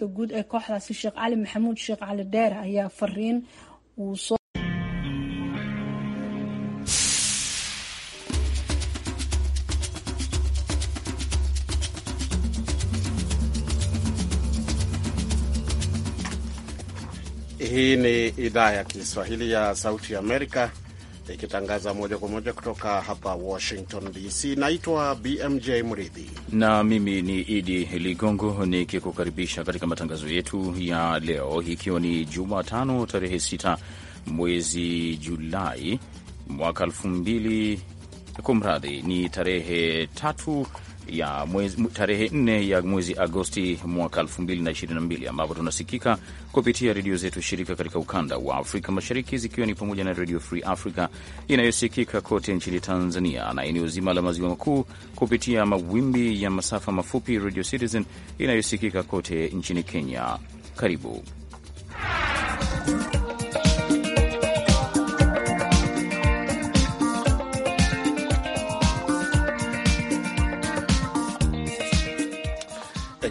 guud ee kooxdaasi sheekh cali maxamuud sheekh cali dheere ayaa fariin uu soo Hii ni idhaa ya Kiswahili ya Sauti ya Amerika ikitangaza moja kwa moja kutoka hapa Washington DC. Naitwa BMJ Mridhi na mimi ni Idi Ligongo nikikukaribisha katika matangazo yetu ya leo, ikiwa ni Jumatano tarehe 6 mwezi Julai mwaka elfu mbili, kumradhi, ni tarehe tatu ya mwezi, tarehe nne ya mwezi Agosti mwaka mbili ambapo tunasikika kupitia redio zetu shirika katika ukanda wa Afrika Mashariki zikiwa ni pamoja na Redio Free Africa inayosikika kote nchini Tanzania na eneo zima la maziwa makuu kupitia mawimbi ya masafa mafupi, Radio Citizen inayosikika kote nchini Kenya. Karibu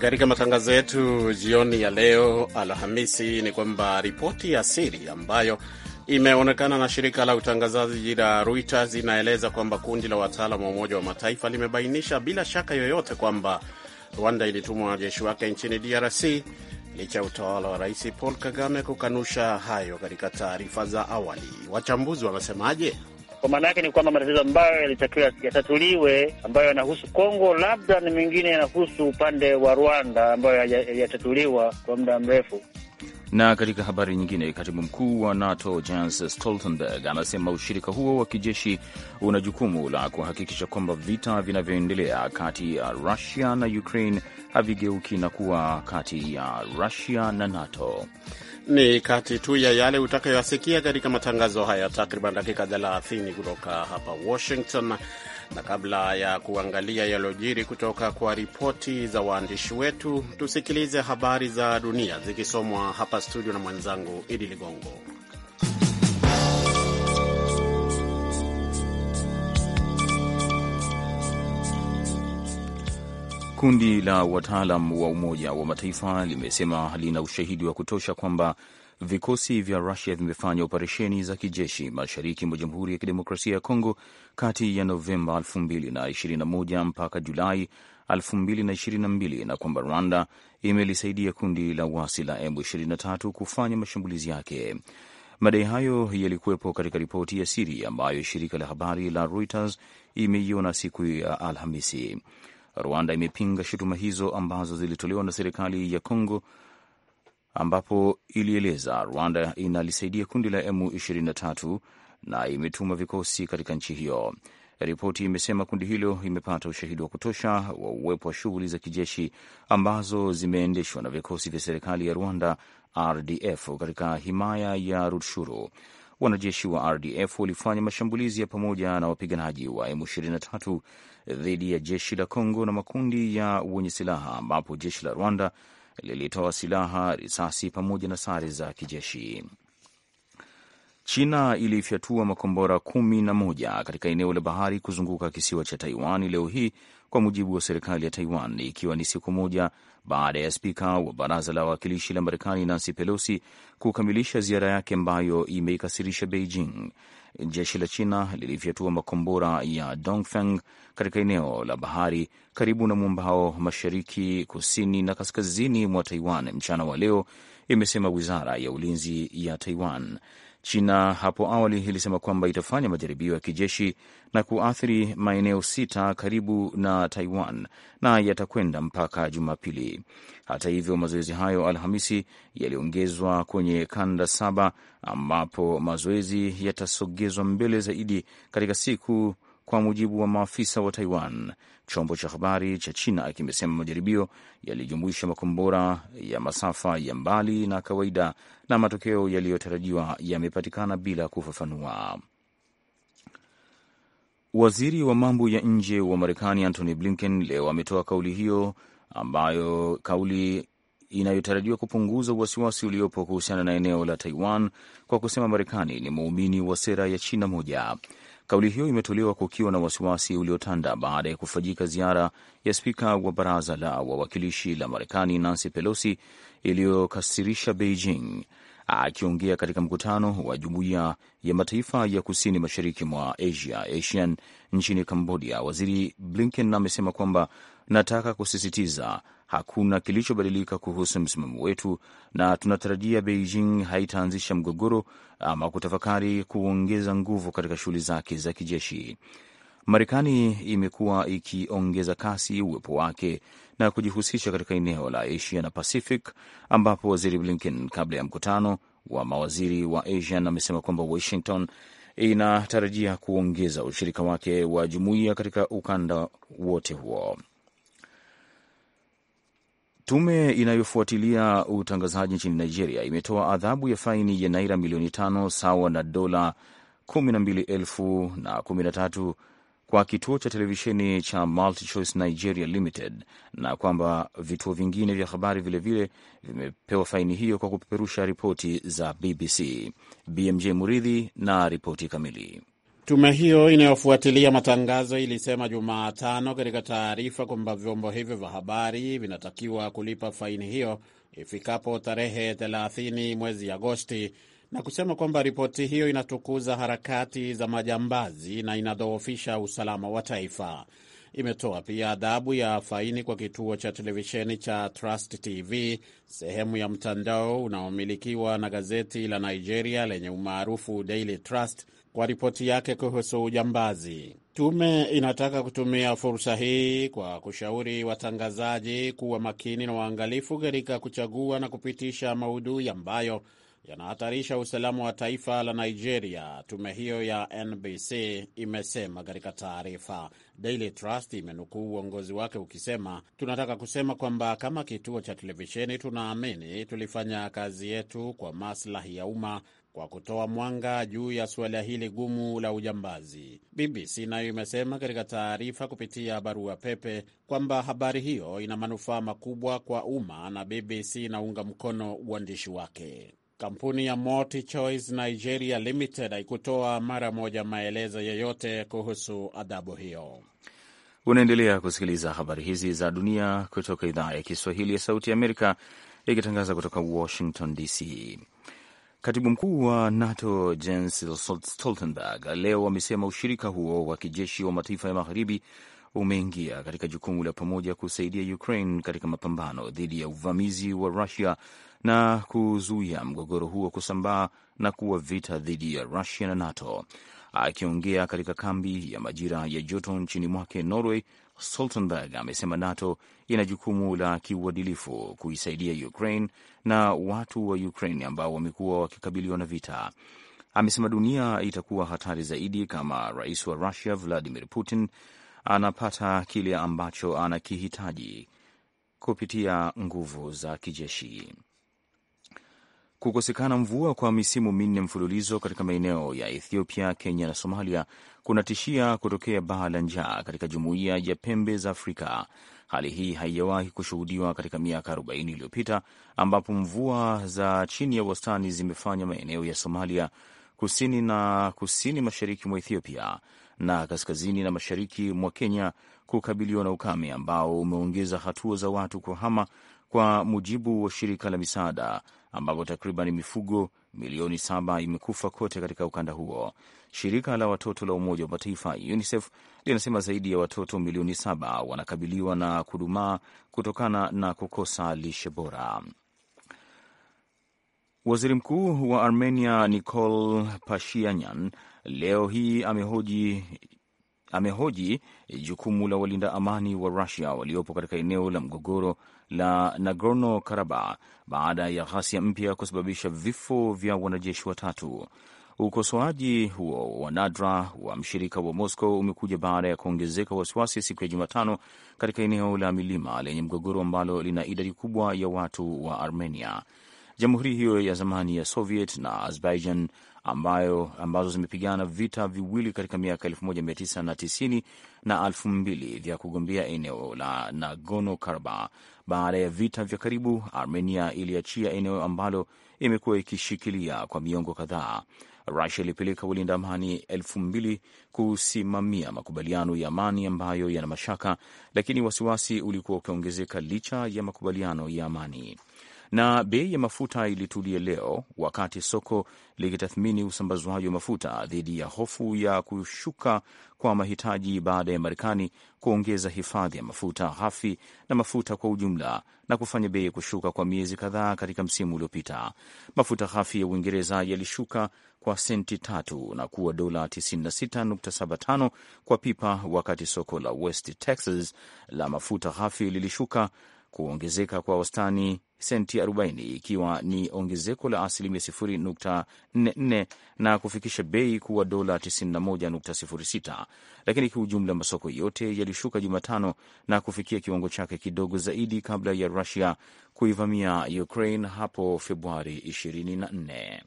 Katika matangazo yetu jioni ya leo Alhamisi ni kwamba ripoti ya siri ambayo imeonekana na shirika la utangazaji la Reuters inaeleza kwamba kundi la wataalam wa Umoja wa Mataifa limebainisha bila shaka yoyote kwamba Rwanda ilitumwa wanajeshi wake nchini DRC licha ya utawala wa Rais Paul Kagame kukanusha hayo katika taarifa za awali. Wachambuzi wanasemaje? Kwa maana yake ni kwamba matatizo ambayo yalitakiwa yatatuliwe, ambayo yanahusu Kongo, labda na mengine yanahusu upande wa Rwanda, ambayo yatatuliwa kwa muda mrefu. Na katika habari nyingine, katibu mkuu wa NATO Jens Stoltenberg anasema ushirika huo wa kijeshi una jukumu la kuhakikisha kwamba vita vinavyoendelea kati ya Rusia na Ukraine havigeuki na kuwa kati ya Rusia na NATO. Ni kati tu ya yale utakayoyasikia katika matangazo haya takriban dakika 30 kutoka hapa Washington, na kabla ya kuangalia yaliyojiri kutoka kwa ripoti za waandishi wetu, tusikilize habari za dunia zikisomwa hapa studio na mwenzangu Idi Ligongo. Kundi la wataalam wa Umoja wa Mataifa limesema lina ushahidi wa kutosha kwamba vikosi vya Rusia vimefanya operesheni za kijeshi mashariki mwa Jamhuri ya Kidemokrasia ya Kongo kati ya Novemba 2021 mpaka Julai 2022 na kwamba Rwanda imelisaidia kundi la wasi la M23 kufanya mashambulizi yake. Madai hayo yalikuwepo katika ripoti ya siri ambayo shirika la habari la Reuters imeiona siku ya Alhamisi. Rwanda imepinga shutuma hizo ambazo zilitolewa na serikali ya congo ambapo ilieleza Rwanda inalisaidia kundi la M23 na imetuma vikosi katika nchi hiyo. Ripoti imesema kundi hilo imepata ushahidi wa kutosha wa uwepo wa shughuli za kijeshi ambazo zimeendeshwa na vikosi vya serikali ya Rwanda, RDF, katika himaya ya Rutshuru. Wanajeshi wa RDF walifanya mashambulizi ya pamoja na wapiganaji wa M23 dhidi ya jeshi la Kongo na makundi ya wenye silaha ambapo jeshi la Rwanda lilitoa silaha, risasi pamoja na sare za kijeshi. China ilifyatua makombora kumi na moja katika eneo la bahari kuzunguka kisiwa cha Taiwan leo hii, kwa mujibu wa serikali ya Taiwan, ikiwa ni siku moja baada ya spika wa baraza la wawakilishi la Marekani Nancy Pelosi kukamilisha ziara yake ambayo imeikasirisha Beijing. Jeshi la China lilifyatua makombora ya Dongfeng katika eneo la bahari karibu na mwambao mashariki, kusini na kaskazini mwa Taiwan mchana wa leo, imesema wizara ya ulinzi ya Taiwan. China hapo awali ilisema kwamba itafanya majaribio ya kijeshi na kuathiri maeneo sita karibu na Taiwan na yatakwenda mpaka Jumapili. Hata hivyo, mazoezi hayo Alhamisi yaliongezwa kwenye kanda saba ambapo mazoezi yatasogezwa mbele zaidi katika siku kwa mujibu wa maafisa wa Taiwan. Chombo cha habari cha China kimesema majaribio yalijumuisha makombora ya masafa ya mbali na kawaida, na matokeo yaliyotarajiwa yamepatikana bila kufafanua. Waziri wa mambo ya nje wa Marekani Antony Blinken leo ametoa kauli hiyo ambayo kauli inayotarajiwa kupunguza wasiwasi uliopo kuhusiana na eneo la Taiwan kwa kusema Marekani ni muumini wa sera ya China moja. Kauli hiyo imetolewa kukiwa na wasiwasi uliotanda baada ya kufanyika ziara ya spika wa baraza la wawakilishi la Marekani Nancy Pelosi iliyokasirisha Beijing. Akiongea katika mkutano wa jumuiya ya mataifa ya kusini mashariki mwa Asia ASEAN nchini Kambodia, waziri Blinken amesema kwamba nataka kusisitiza Hakuna kilichobadilika kuhusu msimamo wetu, na tunatarajia Beijing haitaanzisha mgogoro ama kutafakari kuongeza nguvu katika shughuli zake za kijeshi. Marekani imekuwa ikiongeza kasi uwepo wake na kujihusisha katika eneo la Asia na Pacific, ambapo waziri Blinken kabla ya mkutano wa mawaziri wa Asia amesema kwamba Washington inatarajia kuongeza ushirika wake wa jumuiya katika ukanda wote huo. Tume inayofuatilia utangazaji nchini Nigeria imetoa adhabu ya faini ya naira milioni tano sawa na dola kumi na mbili elfu na kumi na tatu kwa kituo cha televisheni cha MultiChoice Nigeria Limited na kwamba vituo vingine vya habari vilevile vimepewa faini hiyo kwa kupeperusha ripoti za BBC. BMJ Muridhi na ripoti kamili. Tume hiyo inayofuatilia matangazo ilisema Jumatano katika taarifa kwamba vyombo hivyo vya habari vinatakiwa kulipa faini hiyo ifikapo tarehe 30 mwezi Agosti, na kusema kwamba ripoti hiyo inatukuza harakati za majambazi na inadhoofisha usalama wa taifa imetoa pia adhabu ya faini kwa kituo cha televisheni cha Trust TV, sehemu ya mtandao unaomilikiwa na gazeti la Nigeria lenye umaarufu Daily Trust kwa ripoti yake kuhusu ujambazi. Tume inataka kutumia fursa hii kwa kushauri watangazaji kuwa makini na waangalifu katika kuchagua na kupitisha maudhui ambayo yanahatarisha usalama wa taifa la Nigeria, tume hiyo ya NBC imesema katika taarifa. Daily Trust imenukuu uongozi wake ukisema, tunataka kusema kwamba kama kituo cha televisheni tunaamini tulifanya kazi yetu kwa maslahi ya umma kwa kutoa mwanga juu ya suala hili gumu la ujambazi. BBC nayo imesema katika taarifa kupitia barua pepe kwamba habari hiyo ina manufaa makubwa kwa umma na BBC inaunga mkono uandishi wake. Kampuni ya Multi Choice Nigeria Limited haikutoa mara moja maelezo yoyote kuhusu adhabu hiyo. Unaendelea kusikiliza habari hizi za dunia kutoka idhaa ya Kiswahili ya Sauti ya Amerika ikitangaza kutoka Washington DC. Katibu mkuu wa NATO Jens Stoltenberg leo amesema ushirika huo wa kijeshi wa mataifa ya magharibi umeingia katika jukumu la pamoja kusaidia Ukraine katika mapambano dhidi ya uvamizi wa Rusia na kuzuia mgogoro huo kusambaa na kuwa vita dhidi ya Rusia na NATO. Akiongea katika kambi ya majira ya joto nchini mwake Norway, Stoltenberg amesema NATO ina jukumu la kiuadilifu kuisaidia Ukraine na watu wa Ukraine ambao wamekuwa wakikabiliwa na vita. Amesema dunia itakuwa hatari zaidi kama rais wa Russia Vladimir Putin anapata kile ambacho anakihitaji kupitia nguvu za kijeshi. Kukosekana mvua kwa misimu minne mfululizo katika maeneo ya Ethiopia, Kenya na Somalia kunatishia kutokea baa la njaa katika jumuiya ya pembe za Afrika. Hali hii haijawahi kushuhudiwa katika miaka 40 iliyopita, ambapo mvua za chini ya wastani zimefanya maeneo ya Somalia kusini na kusini mashariki mwa Ethiopia na kaskazini na mashariki mwa Kenya kukabiliwa na ukame ambao umeongeza hatua za watu kuhama, kwa mujibu wa shirika la misaada, ambapo takriban mifugo milioni saba imekufa kote katika ukanda huo. Shirika la watoto la Umoja wa Mataifa UNICEF linasema zaidi ya watoto milioni saba wanakabiliwa na kudumaa kutokana na kukosa lishe bora. Waziri Mkuu wa Armenia Nikol Pashinyan leo hii amehoji amehoji jukumu la walinda amani wa Rusia waliopo katika eneo la mgogoro la Nagorno Karabakh baada ya ghasia mpya kusababisha vifo vya wanajeshi watatu. Ukosoaji huo wa nadra wa mshirika wa Moscow umekuja baada ya kuongezeka wasiwasi siku ya Jumatano katika eneo la milima lenye mgogoro ambalo lina idadi kubwa ya watu wa Armenia, jamhuri hiyo ya zamani ya Soviet na Azerbaijan ambayo, ambazo zimepigana vita viwili katika miaka 1990 na 2000 vya kugombea eneo la Nagorno Karabakh. Baada ya vita vya karibu, Armenia iliachia eneo ambalo imekuwa ikishikilia kwa miongo kadhaa. Rusia ilipeleka walinda amani elfu mbili kusimamia makubaliano ya amani ambayo yana mashaka, lakini wasiwasi ulikuwa ukiongezeka licha ya makubaliano ya amani. Na bei ya mafuta ilitulia leo wakati soko likitathmini usambazwaji wa mafuta dhidi ya hofu ya kushuka kwa mahitaji baada ya Marekani kuongeza hifadhi ya mafuta ghafi na mafuta kwa ujumla na kufanya bei kushuka kwa miezi kadhaa katika msimu uliopita. Mafuta ghafi ya Uingereza yalishuka kwa senti tatu na kuwa dola 96.75 kwa pipa, wakati soko la West Texas la mafuta ghafi lilishuka kuongezeka kwa wastani senti 40 ikiwa ni ongezeko la asilimia 0.44 na kufikisha bei kuwa dola 91.06, lakini kiujumla masoko yote yalishuka Jumatano na kufikia kiwango chake kidogo zaidi kabla ya Rusia kuivamia Ukraine hapo Februari 24.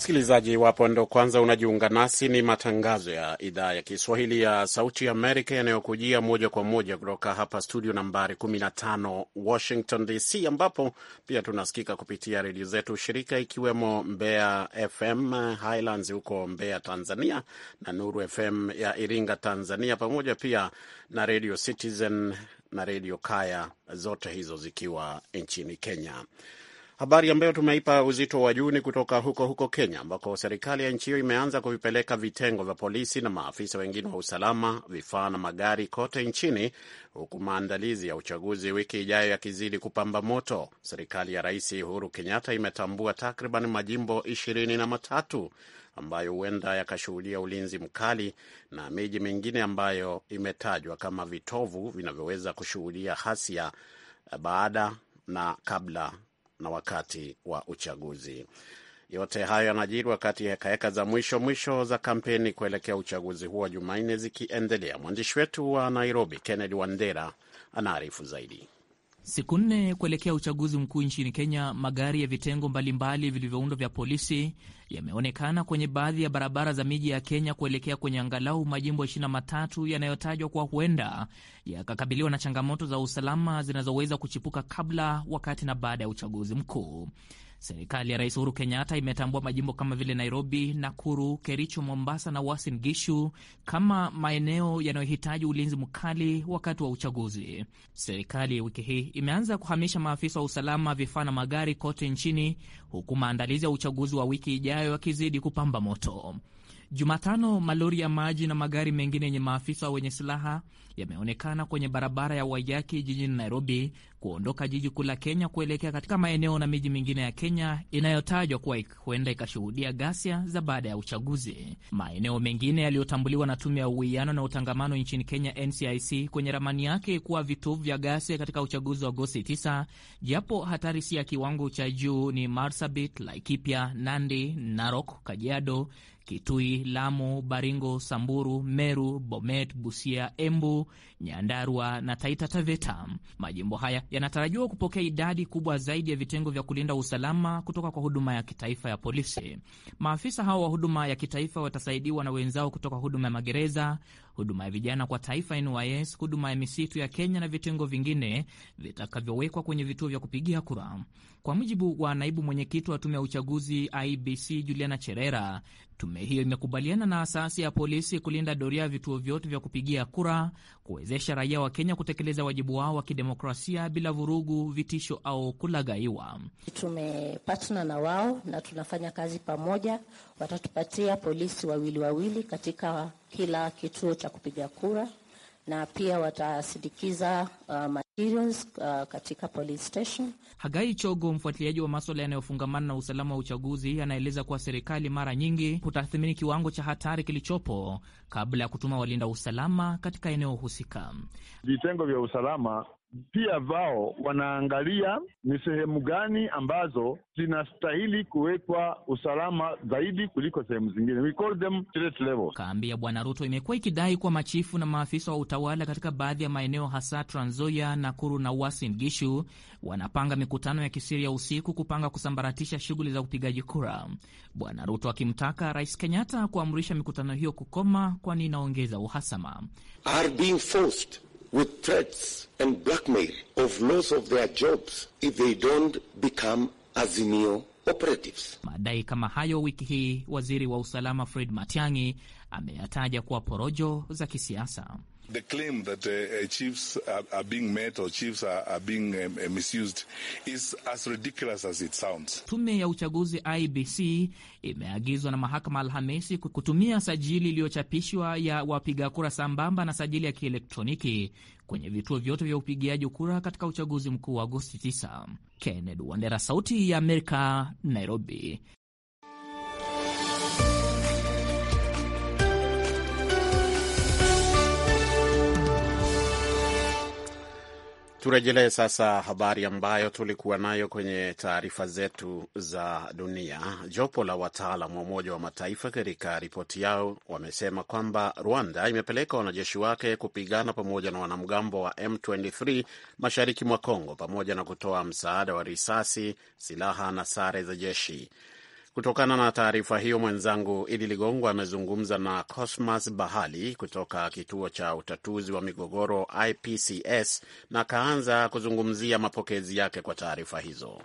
Msikilizaji, iwapo ndo kwanza unajiunga nasi, ni matangazo ya idhaa ya Kiswahili ya Sauti Amerika yanayokujia moja kwa moja kutoka hapa studio nambari 15 Washington DC, ambapo pia tunasikika kupitia redio zetu shirika ikiwemo Mbeya FM Highlands huko Mbeya, Tanzania, na Nuru FM ya Iringa, Tanzania, pamoja pia na redio Citizen na Redio Kaya, zote hizo zikiwa nchini Kenya. Habari ambayo tumeipa uzito wa juu ni kutoka huko huko Kenya, ambako serikali ya nchi hiyo imeanza kuvipeleka vitengo vya polisi na maafisa wengine wa usalama, vifaa na magari kote nchini, huku maandalizi ya uchaguzi wiki ijayo yakizidi kupamba moto. Serikali ya Rais Uhuru Kenyatta imetambua takriban majimbo ishirini na matatu ambayo huenda yakashuhudia ulinzi mkali na miji mingine ambayo imetajwa kama vitovu vinavyoweza kushuhudia ghasia baada na kabla na wakati wa uchaguzi. Yote hayo yanajiri wakati hekaheka za mwisho mwisho za kampeni kuelekea uchaguzi huo Jumanne zikiendelea. Mwandishi wetu wa Nairobi, Kennedy Wandera, anaarifu zaidi. Siku nne kuelekea uchaguzi mkuu nchini Kenya, magari ya vitengo mbalimbali vilivyoundwa vya polisi yameonekana kwenye baadhi ya barabara za miji ya Kenya kuelekea kwenye angalau majimbo 23 yanayotajwa kuwa huenda yakakabiliwa na changamoto za usalama zinazoweza kuchipuka kabla, wakati na baada ya uchaguzi mkuu. Serikali ya Rais Uhuru Kenyatta imetambua majimbo kama vile Nairobi, Nakuru, Kericho, Mombasa na Uasin Gishu kama maeneo yanayohitaji ulinzi mkali wakati wa uchaguzi. Serikali wiki hii imeanza kuhamisha maafisa wa usalama, vifaa na magari kote nchini, huku maandalizi ya uchaguzi wa wiki ijayo yakizidi kupamba moto. Jumatano, malori ya maji na magari mengine yenye maafisa wenye silaha yameonekana kwenye barabara ya Waiyaki jijini Nairobi, kuondoka jiji kuu la Kenya kuelekea katika maeneo na miji mingine ya Kenya inayotajwa kuwa huenda ikashuhudia ghasia za baada ya uchaguzi. Maeneo mengine yaliyotambuliwa na Tume ya Uwiano na Utangamano nchini Kenya, NCIC, kwenye ramani yake kuwa vituo vya ghasia katika uchaguzi wa Agosti 9, japo hatari si ya kiwango cha juu, ni Marsabit, Laikipia, Nandi, Narok, Kajiado, Kitui, Lamu, Baringo, Samburu, Meru, Bomet, Busia, Embu, Nyandarua na Taita Taveta. Majimbo haya yanatarajiwa kupokea idadi kubwa zaidi ya vitengo vya kulinda usalama kutoka kwa huduma ya kitaifa ya polisi. Maafisa hao wa huduma ya kitaifa watasaidiwa na wenzao kutoka huduma ya magereza huduma ya vijana kwa taifa NYS, huduma ya misitu ya Kenya na vitengo vingine vitakavyowekwa kwenye vituo vya kupigia kura. Kwa mujibu wa naibu mwenyekiti wa tume ya uchaguzi IBC Juliana Cherera, tume hiyo imekubaliana na asasi ya polisi kulinda doria ya vituo vyote vya kupigia kura, kuwezesha raia wa Kenya kutekeleza wajibu wao wa kidemokrasia bila vurugu, vitisho au kulagaiwa. Tumepatana na wao na tunafanya kazi pamoja, watatupatia polisi wawili wawili katika kila kituo cha kupiga kura na pia watasindikiza uh, materials uh, katika police station. Hagai Chogo, mfuatiliaji wa maswala yanayofungamana na usalama wa uchaguzi, anaeleza kuwa serikali mara nyingi hutathmini kiwango cha hatari kilichopo kabla ya kutuma walinda usalama katika eneo husika. Vitengo vya usalama pia vao wanaangalia ni sehemu gani ambazo zinastahili kuwekwa usalama zaidi kuliko sehemu zingine. We call them threat level. Kambi ya Bwana Ruto imekuwa ikidai kwa machifu na maafisa wa utawala katika baadhi ya maeneo hasa Trans Nzoia, Nakuru na Uasin Gishu wanapanga mikutano ya kisiri ya usiku kupanga kusambaratisha shughuli za upigaji kura, Bwana Ruto akimtaka Rais Kenyatta kuamrisha mikutano hiyo kukoma, kwani inaongeza uhasama Are being forced with threats and blackmail of loss of their jobs if they don't become Azimio operatives. Madai kama hayo wiki hii waziri wa usalama Fred Matiang'i ameyataja kuwa porojo za kisiasa. The claim that uh, uh, chiefs are, are being met or chiefs are, are being um, uh, misused is as ridiculous as it sounds. Tume ya uchaguzi IBC imeagizwa na mahakama Alhamisi kutumia sajili iliyochapishwa ya wapiga kura sambamba na sajili ya kielektroniki kwenye vituo vyote vya upigiaji kura katika uchaguzi mkuu wa Agosti 9. Kenneth Wandera, Sauti ya Amerika, Nairobi. Turejelee sasa habari ambayo tulikuwa nayo kwenye taarifa zetu za dunia. Jopo la wataalam wa Umoja wa Mataifa katika ripoti yao wamesema kwamba Rwanda imepeleka wanajeshi wake kupigana pamoja na wanamgambo wa M23 mashariki mwa Kongo, pamoja na kutoa msaada wa risasi, silaha na sare za jeshi. Kutokana na taarifa hiyo, mwenzangu Idi Ligongo amezungumza na Cosmas Bahali kutoka kituo cha utatuzi wa migogoro IPCS, na akaanza kuzungumzia mapokezi yake kwa taarifa hizo.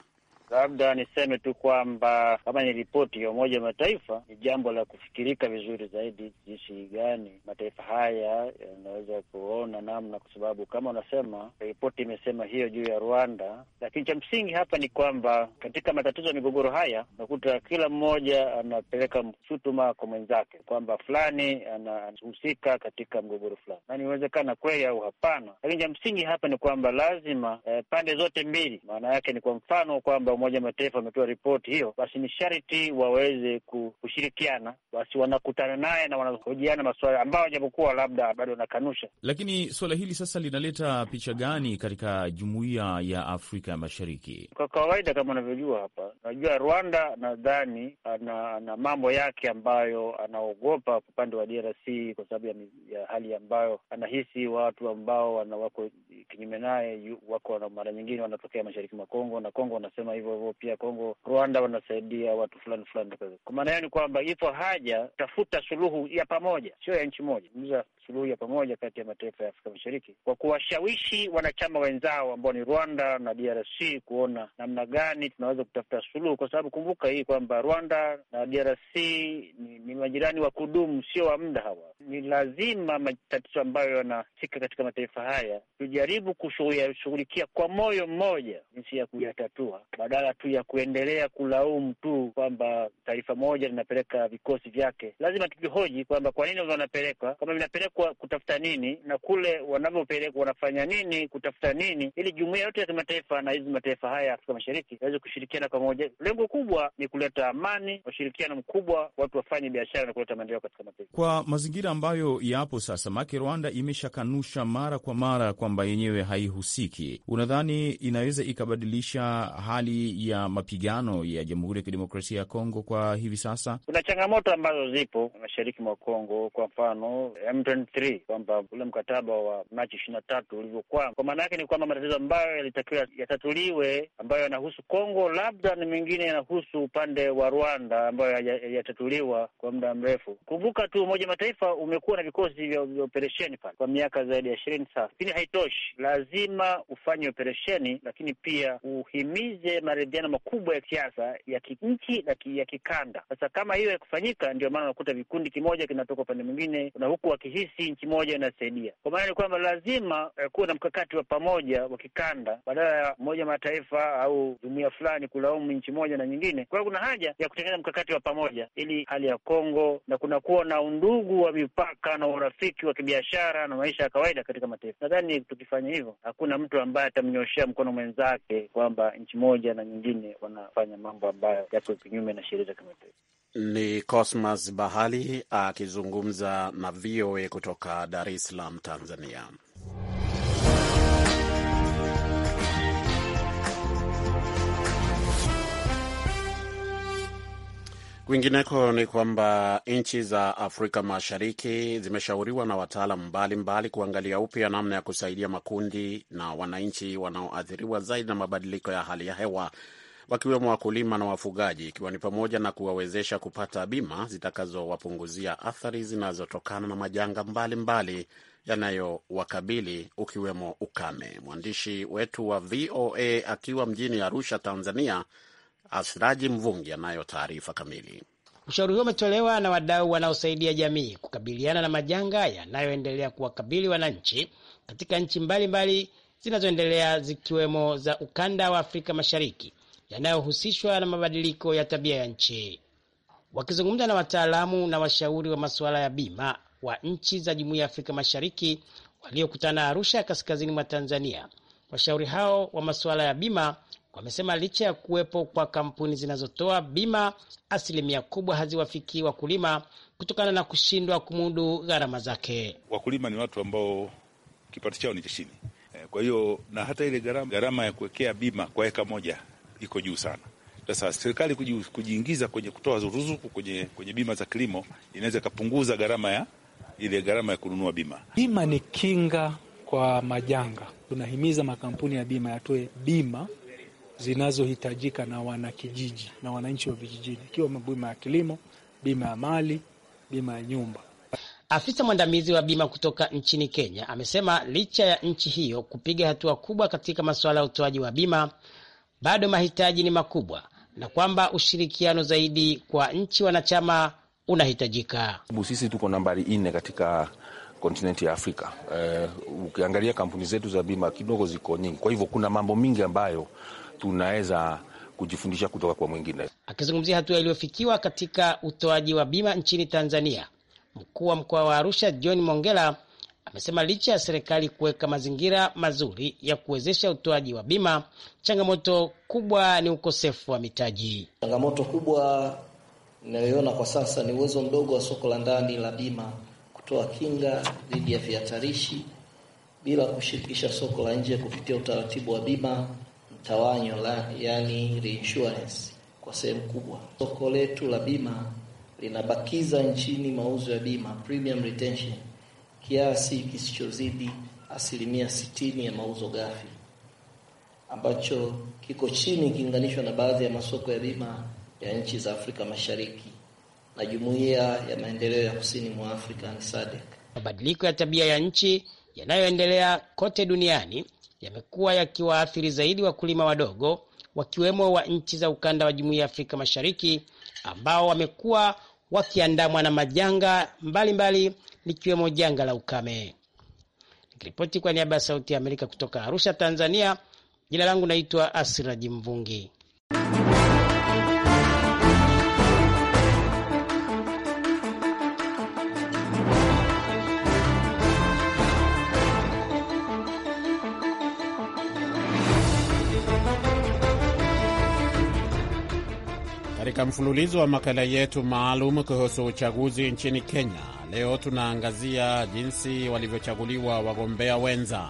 Labda niseme tu kwamba kama ni ripoti ya Umoja wa Mataifa, ni jambo la kufikirika vizuri zaidi, jinsi gani mataifa haya yanaweza kuona namna, kwa sababu kama unasema ripoti imesema hiyo juu ya Rwanda, lakini cha msingi hapa ni kwamba katika matatizo ya migogoro haya unakuta kila mmoja anapeleka shutuma kwa mwenzake kwamba fulani anahusika katika mgogoro fulani, na niwezekana kweli au hapana, lakini cha msingi hapa ni kwamba lazima eh, pande zote mbili, maana yake ni kwa mfano kwamba Umoja Mataifa wametoa ripoti hiyo, basi ni sharti waweze kushirikiana, basi wanakutana naye na wanahojiana masuala ambayo japokuwa labda bado wanakanusha. Lakini suala hili sasa linaleta picha gani katika jumuiya ya Afrika Mashariki? Kwa kawaida kama unavyojua hapa, najua Rwanda nadhani ana, ana mambo yake ambayo anaogopa upande wa DRC kwa sababu ya, ya hali ambayo anahisi watu ambao wako kinyume naye wako, mara nyingine wanatokea mashariki mwa Kongo na Kongo wanasema hivyo hivyo hivyo pia Kongo, Rwanda wanasaidia watu fulani fulani. Kwa maana hiyo ni kwamba ipo haja tafuta suluhu ya pamoja, sio ya nchi moja, uza suluhu ya pamoja kati ya mataifa ya Afrika Mashariki kwa kuwashawishi wanachama wenzao ambao ni Rwanda na DRC kuona namna gani tunaweza kutafuta suluhu, kwa sababu kumbuka hii kwamba Rwanda na DRC ni, ni majirani wa kudumu, sio wa muda. Hawa ni lazima matatizo ambayo yanafika katika mataifa haya tujaribu kushughulikia kwa moyo mmoja jinsi ya kuyatatua baada badala tu ya kuendelea kulaumu tu kwamba taifa moja linapeleka vikosi vyake. Lazima tukihoji kwamba kwa nini wanapelekwa, kama vinapelekwa kutafuta nini, na kule wanavyopelekwa wanafanya nini, kutafuta nini, ili jumuiya yote ya kimataifa na hizi mataifa haya ya Afrika Mashariki yaweze kushirikiana pamoja. Lengo kubwa ni kuleta amani, ushirikiano mkubwa, watu wafanye biashara na kuleta maendeleo katika mataifa, kwa mazingira ambayo yapo sasa. Make Rwanda imeshakanusha mara kwa mara kwamba yenyewe haihusiki. Unadhani inaweza ikabadilisha hali ya mapigano ya Jamhuri ya Kidemokrasia ya Kongo kwa hivi sasa? Kuna changamoto ambazo zipo mashariki mwa Kongo, kwa mfano M23, kwamba ule mkataba wa Machi ishirini na tatu ulivyokwama, kwa maana yake ni kwamba matatizo ambayo yalitakiwa yatatuliwe, ambayo yanahusu Kongo labda ni mengine yanahusu upande wa Rwanda, ambayo yatatuliwa kwa muda mrefu. Kumbuka tu Umoja Mataifa umekuwa na vikosi vya operesheni pale kwa miaka zaidi ya ishirini sasa, lakini haitoshi, lazima ufanye operesheni, lakini pia uhimize maridhiano makubwa ya kisiasa ya kinchi na ya kikanda. Sasa kama hiyo yakufanyika, ndio maana unakuta vikundi kimoja kinatoka upande mwingine, na huku wakihisi nchi moja inasaidia. Kwa maana ni kwamba lazima eh, kuwe na mkakati wa pamoja wa kikanda, badala ya moja mataifa au jumuia fulani kulaumu nchi moja na nyingine. Kwa hiyo kuna haja ya kutengeneza mkakati wa pamoja, ili hali ya Kongo na kunakuwa na undugu wa mipaka na urafiki wa kibiashara na maisha ya kawaida katika mataifa. Nadhani tukifanya hivyo, hakuna mtu ambaye atamnyoshea mkono mwenzake kwamba nchi moja na nyingine wanafanya mambo ambayo yako kinyume na sheria za kimataifa. Ni Cosmas Bahali akizungumza na VOA kutoka Dar es Salaam, Tanzania. Kwingineko ni kwamba nchi za Afrika Mashariki zimeshauriwa na wataalamu mbalimbali kuangalia upya namna ya kusaidia makundi na wananchi wanaoathiriwa zaidi na mabadiliko ya hali ya hewa wakiwemo wakulima na wafugaji, ikiwa ni pamoja na kuwawezesha kupata bima zitakazowapunguzia athari zinazotokana na majanga mbalimbali yanayowakabili ukiwemo ukame. Mwandishi wetu wa VOA akiwa mjini Arusha, Tanzania, Asiraji Mvungi anayo taarifa kamili. Ushauri huo umetolewa na wadau wanaosaidia jamii kukabiliana na majanga yanayoendelea kuwakabili wananchi katika nchi mbalimbali zinazoendelea zikiwemo za ukanda wa Afrika Mashariki yanayohusishwa na mabadiliko ya tabia ya nchi. Wakizungumza na wataalamu na washauri wa masuala ya bima wa nchi za Jumuiya ya Afrika Mashariki waliokutana Arusha, kaskazini mwa Tanzania, washauri hao wa masuala ya bima Wamesema licha ya kuwepo kwa kampuni zinazotoa bima, asilimia kubwa haziwafikii wakulima kutokana na kushindwa kumudu gharama zake. Wakulima ni watu ambao kipato chao ni cha chini, eh, kwa hiyo na hata ile gharama ya kuwekea bima kwa eka moja iko juu sana. Sasa serikali kujiingiza kwenye kutoa ruzuku kwenye, kwenye bima za kilimo inaweza ikapunguza gharama ya ile gharama ya kununua bima. Bima ni kinga kwa majanga. Tunahimiza makampuni ya bima yatoe bima zinazohitajika na wanakijiji na wananchi wa vijijini, ikiwa bima ya kilimo, bima ya mali, bima ya nyumba. Afisa mwandamizi wa bima kutoka nchini Kenya amesema licha ya nchi hiyo kupiga hatua kubwa katika masuala ya utoaji wa bima, bado mahitaji ni makubwa na kwamba ushirikiano zaidi kwa nchi wanachama unahitajika. Sisi tuko nambari nne katika kontinenti ya Afrika. Uh, ukiangalia kampuni zetu za bima kidogo ziko nyingi, kwa hivyo kuna mambo mingi ambayo tunaweza kujifundisha kutoka kwa mwingine. Akizungumzia hatua iliyofikiwa katika utoaji wa bima nchini Tanzania, mkuu wa mkoa wa Arusha John Mongela amesema licha ya serikali kuweka mazingira mazuri ya kuwezesha utoaji wa bima, changamoto kubwa ni ukosefu wa mitaji. Changamoto kubwa inayoiona kwa sasa ni uwezo mdogo wa soko la ndani la bima kutoa kinga dhidi ya vihatarishi bila kushirikisha soko la nje kupitia utaratibu wa bima tawanyo la yani reinsurance kwa sehemu kubwa. Soko letu la bima linabakiza nchini mauzo ya bima premium retention kiasi kisichozidi asilimia sitini ya mauzo ghafi ambacho kiko chini ikilinganishwa na baadhi ya masoko ya bima ya nchi za Afrika Mashariki na Jumuiya ya Maendeleo ya Kusini mwa Afrika SADC. E Mabadiliko ya tabia ya nchi yanayoendelea kote duniani yamekuwa yakiwaathiri zaidi wakulima wadogo wakiwemo wa nchi za ukanda wa Jumuiya ya Afrika Mashariki ambao wamekuwa wakiandamwa na majanga mbalimbali likiwemo janga la ukame. Nikiripoti kwa niaba ya Sauti ya Amerika kutoka Arusha, Tanzania, jina langu naitwa Asiraji Mvungi. Katika mfululizo wa makala yetu maalum kuhusu uchaguzi nchini Kenya, leo tunaangazia jinsi walivyochaguliwa wagombea wenza.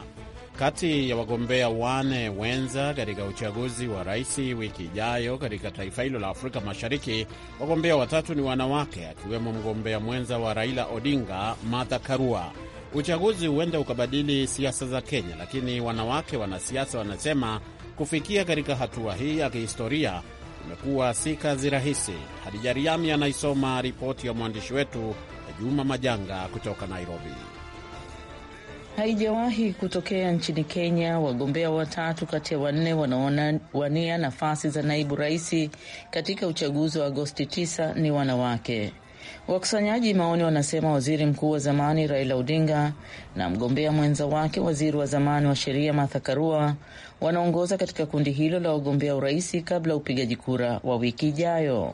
Kati ya wagombea wane wenza katika uchaguzi wa rais wiki ijayo katika taifa hilo la Afrika Mashariki, wagombea watatu ni wanawake, akiwemo mgombea mwenza wa Raila Odinga, Martha Karua. Uchaguzi huenda ukabadili siasa za Kenya, lakini wanawake wanasiasa wanasema kufikia katika hatua hii ya kihistoria imekuwa si kazi rahisi. Hadija Riami anaisoma ripoti ya mwandishi wetu Juma Majanga kutoka Nairobi. Haijawahi kutokea nchini Kenya wagombea watatu kati ya wanne wanaowania nafasi za naibu raisi katika uchaguzi wa Agosti 9 ni wanawake. Wakusanyaji maoni wanasema waziri mkuu wa zamani Raila Odinga na mgombea mwenza wake waziri wa zamani wa sheria Martha Karua wanaongoza katika kundi hilo la wagombea urais kabla upigaji kura wa wiki ijayo.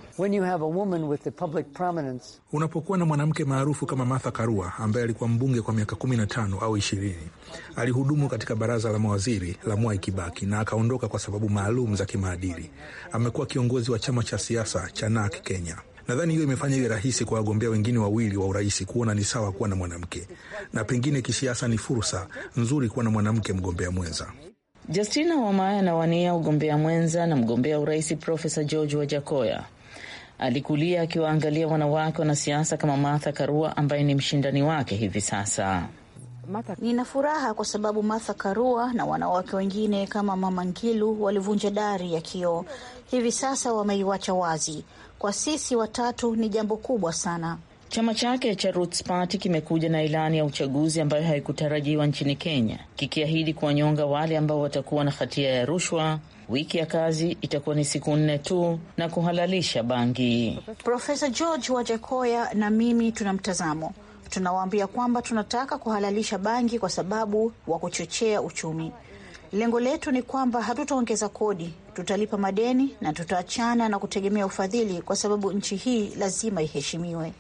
Unapokuwa na mwanamke maarufu kama Martha Karua ambaye alikuwa mbunge kwa miaka kumi na tano au ishirini, alihudumu katika baraza la mawaziri la Mwai Kibaki na akaondoka kwa sababu maalum za kimaadili. Amekuwa kiongozi wa chama cha siasa cha NAK Kenya. Nadhani hiyo imefanya iwe rahisi kwa wagombea wengine wawili wa urais kuona ni sawa kuwa na mwanamke, na pengine kisiasa ni fursa nzuri kuwa na mwanamke mgombea mwenza. Justina Wamaya anawania ugombea mwenza na mgombea urais Profesa George Wajakoya alikulia akiwaangalia wanawake wanasiasa kama Martha Karua ambaye ni mshindani wake hivi sasa. Martha... nina furaha kwa sababu Martha Karua na wanawake wengine kama Mama Ngilu walivunja dari ya kioo, hivi sasa wameiwacha wazi. Kwa sisi watatu ni jambo kubwa sana. Chama chake cha Roots Party kimekuja na ilani ya uchaguzi ambayo haikutarajiwa nchini Kenya, kikiahidi kuwanyonga wale ambao watakuwa na hatia ya rushwa. Wiki ya kazi itakuwa ni siku nne tu na kuhalalisha bangi. Profesa George Wajakoya na mimi tuna mtazamo tunawaambia kwamba tunataka kuhalalisha bangi kwa sababu wa kuchochea uchumi. Lengo letu ni kwamba hatutaongeza kodi, tutalipa madeni na tutaachana na kutegemea ufadhili, kwa sababu nchi hii lazima iheshimiwe.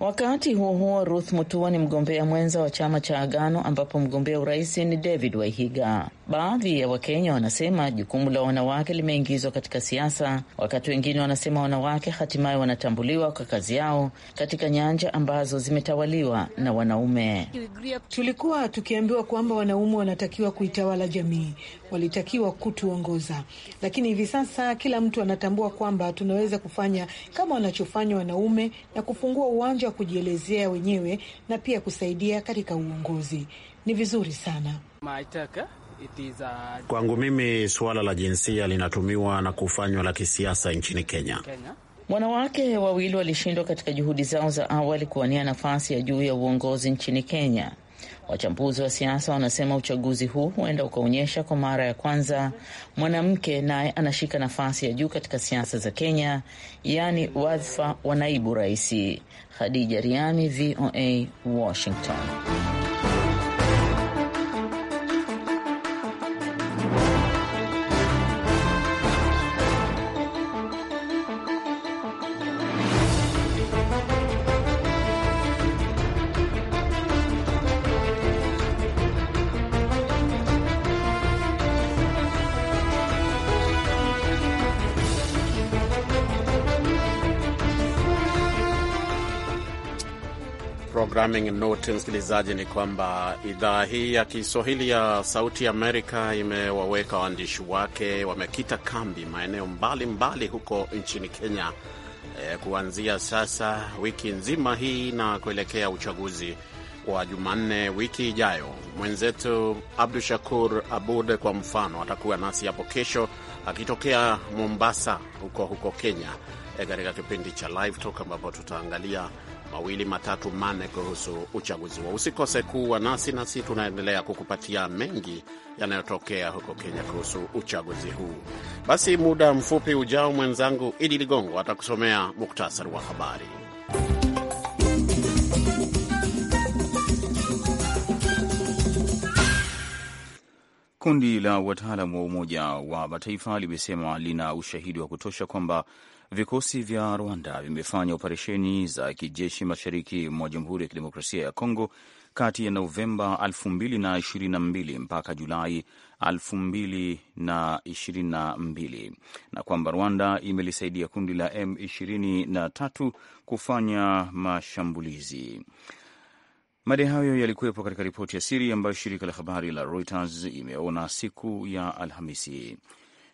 Wakati huo huo, Ruth Mutua ni mgombea mwenza wa chama cha Agano, ambapo mgombea urais ni David Waihiga. Baadhi ya Wakenya wanasema jukumu la wanawake limeingizwa katika siasa, wakati wengine wanasema wanawake hatimaye wanatambuliwa kwa kazi yao katika nyanja ambazo zimetawaliwa na wanaume. Tulikuwa tukiambiwa kwamba wanaume wanatakiwa kuitawala jamii, walitakiwa kutuongoza, lakini hivi sasa kila mtu anatambua kwamba tunaweza kufanya kama wanachofanya wanaume na kufungua uwanja wa kujielezea wenyewe na pia kusaidia katika uongozi. Ni vizuri sana Maitaka. Uh, kwangu mimi suala la jinsia linatumiwa na kufanywa la kisiasa nchini Kenya, Kenya. Wanawake wawili walishindwa katika juhudi zao za awali kuwania nafasi ya juu ya uongozi nchini Kenya. Wachambuzi wa siasa wanasema uchaguzi huu huenda ukaonyesha kwa mara ya kwanza mwanamke naye anashika nafasi ya juu katika siasa za Kenya, yaani wadhifa wa naibu raisi. Khadija Riami, VOA, Washington. programming note, msikilizaji, ni kwamba idhaa hii ya Kiswahili ya Sauti Amerika imewaweka waandishi wake wamekita kambi maeneo mbalimbali mbali huko nchini Kenya eh, kuanzia sasa wiki nzima hii na kuelekea uchaguzi wa Jumanne wiki ijayo. Mwenzetu Abdu Shakur Abud kwa mfano atakuwa nasi hapo kesho akitokea Mombasa huko huko Kenya e, katika kipindi cha Live Talk ambapo tutaangalia mawili matatu manne kuhusu uchaguzi huo. Usikose kuwa nasi nasi, tunaendelea kukupatia mengi yanayotokea huko Kenya kuhusu uchaguzi huu. Basi muda mfupi ujao, mwenzangu Idi Ligongo atakusomea muktasari wa habari. Kundi la wataalam wa Umoja wa Mataifa limesema lina ushahidi wa kutosha kwamba Vikosi vya Rwanda vimefanya operesheni za kijeshi mashariki mwa Jamhuri ya Kidemokrasia ya Kongo kati ya Novemba 2022 mpaka Julai 2022 na kwamba Rwanda imelisaidia kundi la M23 kufanya mashambulizi. Madai hayo yalikuwepo katika ripoti ya siri ambayo shirika la habari la Reuters imeona siku ya Alhamisi.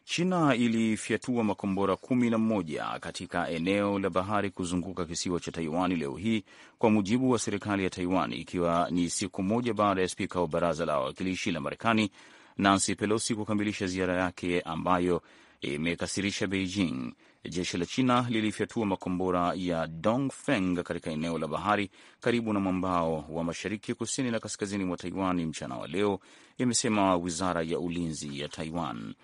China ilifyatua makombora kumi na moja katika eneo la bahari kuzunguka kisiwa cha Taiwan leo hii, kwa mujibu wa serikali ya Taiwan, ikiwa ni siku moja baada ya spika wa baraza la wawakilishi la Marekani Nancy Pelosi kukamilisha ziara yake ambayo imekasirisha Beijing. Jeshi la China lilifyatua makombora ya Dongfeng katika eneo la bahari karibu na mwambao wa mashariki, kusini na kaskazini mwa Taiwan mchana wa leo, imesema wizara ya ulinzi ya Taiwan.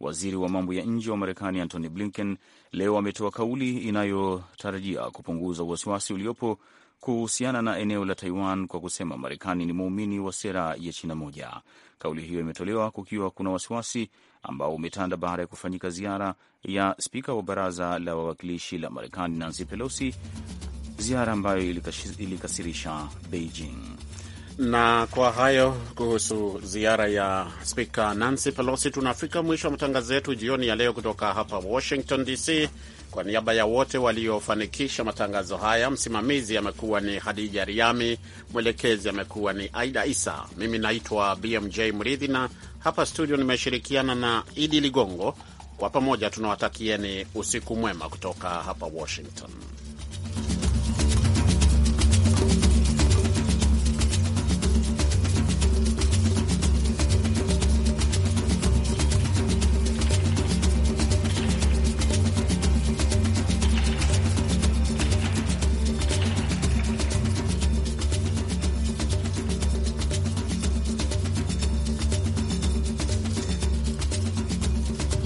Waziri wa mambo ya nje wa Marekani Antony Blinken leo ametoa kauli inayotarajia kupunguza wasiwasi uliopo kuhusiana na eneo la Taiwan kwa kusema Marekani ni muumini wa sera ya China moja. Kauli hiyo imetolewa kukiwa kuna wasiwasi ambao umetanda baada ya kufanyika ziara ya spika wa baraza la wawakilishi la Marekani Nancy Pelosi, ziara ambayo ilikasirisha Beijing. Na kwa hayo kuhusu ziara ya spika Nancy Pelosi, tunafika mwisho wa matangazo yetu jioni ya leo kutoka hapa Washington DC. Kwa niaba ya wote waliofanikisha matangazo haya, msimamizi amekuwa ni Hadija Riami, mwelekezi amekuwa ni Aida Isa, mimi naitwa BMJ Mridhi na hapa studio nimeshirikiana na Idi Ligongo. Kwa pamoja tunawatakieni usiku mwema kutoka hapa Washington.